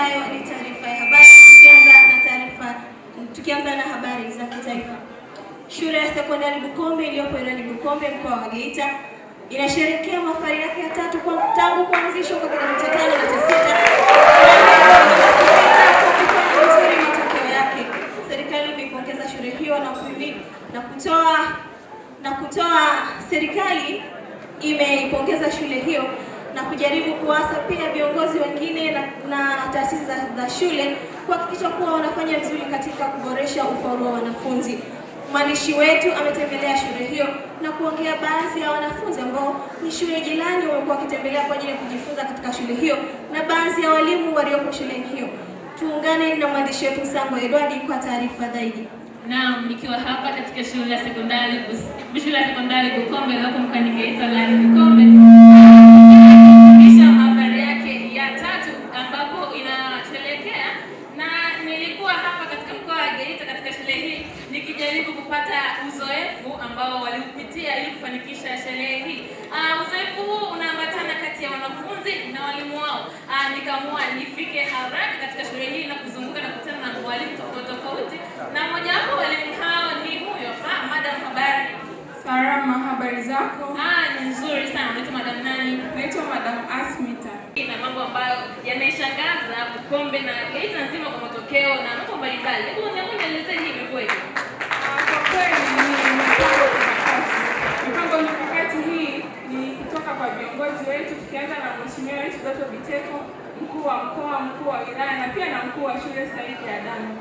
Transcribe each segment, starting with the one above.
nayo ni taarifa ya habari. Tukianza na taarifa, tukianza na habari za kitaifa, shule ya sekondari Bukombe iliyopo Irani Bukombe, mkoa wa Geita inasherehekea safari yake ya tatu kwa tangu kuanzishwa kwa kidato cha tano na cha sita. Vizuri matokeo yake, serikali imepongeza shule hiyo na na kutoa na kutoa serikali imeipongeza shule hiyo na kujaribu kuwasa pia viongozi wengine na za shule kuhakikisha kuwa wanafanya vizuri katika kuboresha ufaulu wa wanafunzi. Mwandishi wetu ametembelea shule hiyo na kuongea baadhi ya wanafunzi ambao ni shule jirani wamekuwa wakitembelea kwa ajili ya kujifunza katika shule hiyo na baadhi ya walimu walioko shuleni hiyo. Tuungane na mwandishi wetu Sango Edwadi kwa taarifa zaidi. Naam, nikiwa hapa katika shule ya sekondari Bukombe iliyoko mkoani Geita, wilaya Bukombe kujaribu kupata uzoefu ambao waliupitia ili kufanikisha sherehe hii. Uh, uzoefu huu unaambatana kati ya wanafunzi na walimu wao. Uh, nikaamua nifike haraka katika sherehe hii na kuzunguka na kukutana na walimu tofauti tofauti, na mmoja wapo walimu hao ni huyo ha, madam. Habari Salama, habari zako? Ah, ni nzuri sana. Naitwa madam nani? Naitwa madam Asmita. Na mambo ambayo yanaishangaza Bukombe na Geita nzima kwa matokeo na mambo mbalimbali. Hebu nieleze hivi kweli kweli ni mipango mikakati. hii ni kutoka kwa viongozi wetu, tukianza na mheshimiwa wetu Doto Biteko, mkuu wa mkoa, mkuu wa wilaya na pia na mkuu wa shule Saidi Adamu.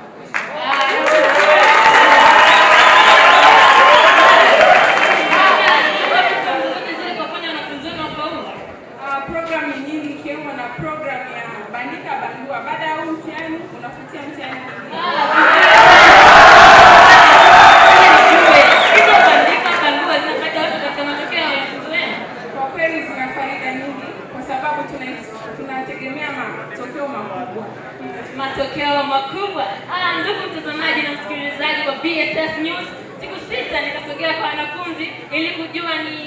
Ndugu mtazamaji na msikilizaji wa BSS News, siku sita nikasogea kwa wanafunzi ili kujua ni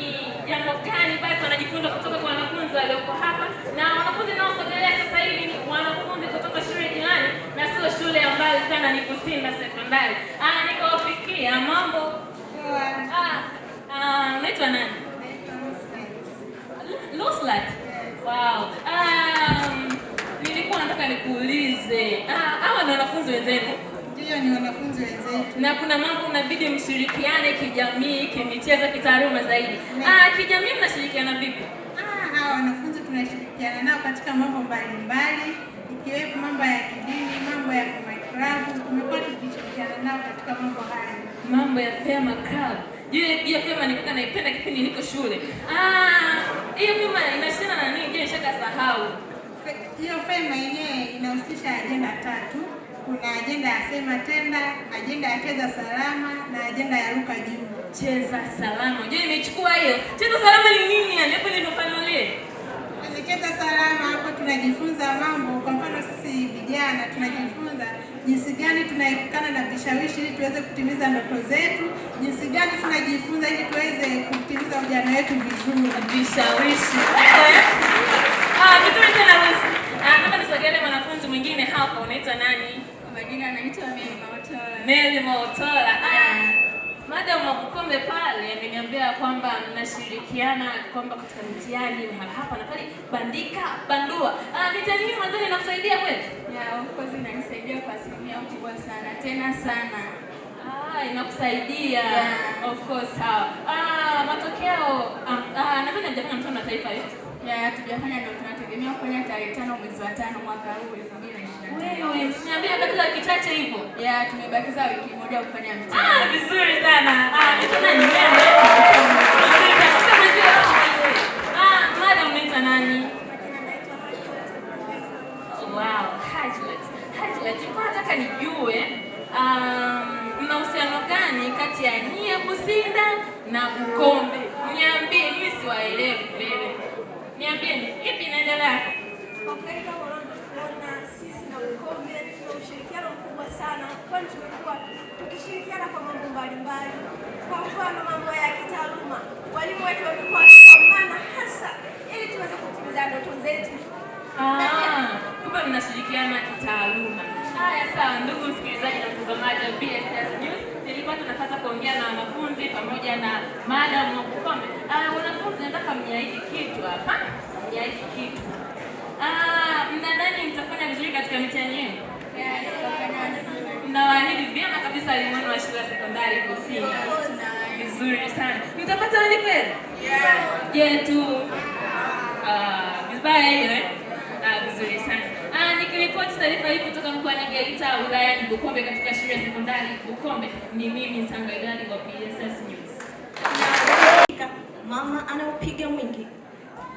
jambo gani basi wanajifunza kutoka kwa wanafunzi walioko hapa, na wanafunzi naosogelea sasa hivi ni wanafunzi kutoka shule jirani na sio shule ya mbali sana, ni Kusimba Sekondari. Nikawafikia mambo. Unaitwa nani? Wow. Nilikuwa nataka nikuulize wanafunzi wenzenu? Ndio, ni wanafunzi wenzetu, na kuna mambo mnabidi mshirikiane kijamii, kimichezo, kitaaluma zaidi. Ah, kijamii mnashirikiana vipi? Ah, hawa wanafunzi tunashirikiana nao katika mambo mbalimbali ikiwepo mambo ya kidini, mambo ya Fema Tumekuwa tukishirikiana nao katika mambo haya, mambo ya Fema Club. Je, Fema nilikuwa naipenda kipindi niko shule. Ah, hiyo Fema inashindana na nini? Je, nishakasahau hiyo Fema yenyewe inahusisha ajenda tatu kuna ajenda ya sema tenda, ajenda ya cheza salama na ajenda ya ruka juu. Cheza salama, unajua nimechukua hiyo. Cheza salama ni nini? Hapo nifafanulie. Kwenye cheza salama hapo tunajifunza mambo, kwa mfano sisi vijana tunajifunza jinsi gani tunaepukana na vishawishi ili tuweze kutimiza ndoto zetu, jinsi gani tunajifunza ili tuweze kutimiza ujana wetu vizuri. Vishawishi Motola. Ah, Madam Mwabukombe pale ameniambia kwamba mnashirikiana kwamba katika mitihani hapa na pale bandika bandua. Ah, mitihani hiyo mwanzoni inakusaidia kweli? Yeah, of course inanisaidia kwa asilimia kubwa sana tena sana. Ah, inakusaidia. Yeah. Of course Ha. Ah, matokeo ah, na mimi najaribu mtu na taifa yote. Yeah, tujafanya ndio tunategemea kufanya tarehe 5 mwezi wa 5 mwaka huu 2020. Wewe usiniambie tumebakiza wiki hivyo. Yeah, tumebakiza wiki moja kufanya mtihani. Ah, vizuri sana. Ah, Ah, madam unaitwa nijue mna um, uhusiano gani kati ya nia kusinda na ukombe? Niambie, mimi siwaelewi vile. Niambie sana, kwani tumekuwa tukishirikiana kwa mambo mbalimbali. Kwa mfano mambo ya kitaaluma, walimu wetu walikuwa wakipambana hasa ili tuweze kutimiza ndoto zetu. Ah, kumbe mnashirikiana kitaaluma. Haya, sawa. Ndugu msikilizaji na mtazamaji wa BSS News, nilikuwa tunapata kuongea na wanafunzi pamoja na madam Ah, Wanafunzi, nataka mniahidi kitu hapa, mniahidi kitu. Ah, Mnadhani mtafanya vizuri katika mitihani yenu? Nawaahidi vyema kabisa walimu wa shule ya sekondari Kusini. Vizuri sana. Mtapata hadi kweli? Je, ah, vibaya hiyo eh? ah, Vizuri sana. Ah, nikiripoti taarifa hii kutoka mkoani Geita wilayani Bukombe katika shule ya sekondari Bukombe ni mimi Sanga wa PSS News. Mama anaupiga mwingi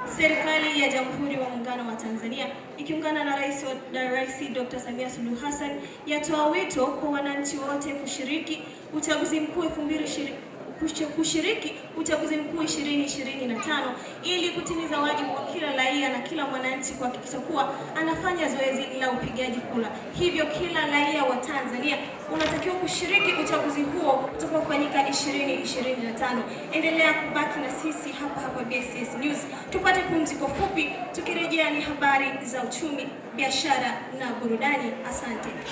Serikali ya Jamhuri wa Muungano wa Tanzania ikiungana na Rais na Rais Dr. Samia Suluhu Hassan yatoa wito kwa wananchi wote kushiriki uchaguzi mkuu 2020 kushiriki uchaguzi mkuu 2025 ili kutimiza wajibu wa kila raia na kila mwananchi kuhakikisha kuwa anafanya zoezi la upigaji kura. Hivyo kila raia wa Tanzania unatakiwa kushiriki uchaguzi huo 2025. Endelea kubaki na sisi hapa hapa BSS News, tupate pumziko fupi, tukirejea ni habari za uchumi, biashara na burudani. Asante.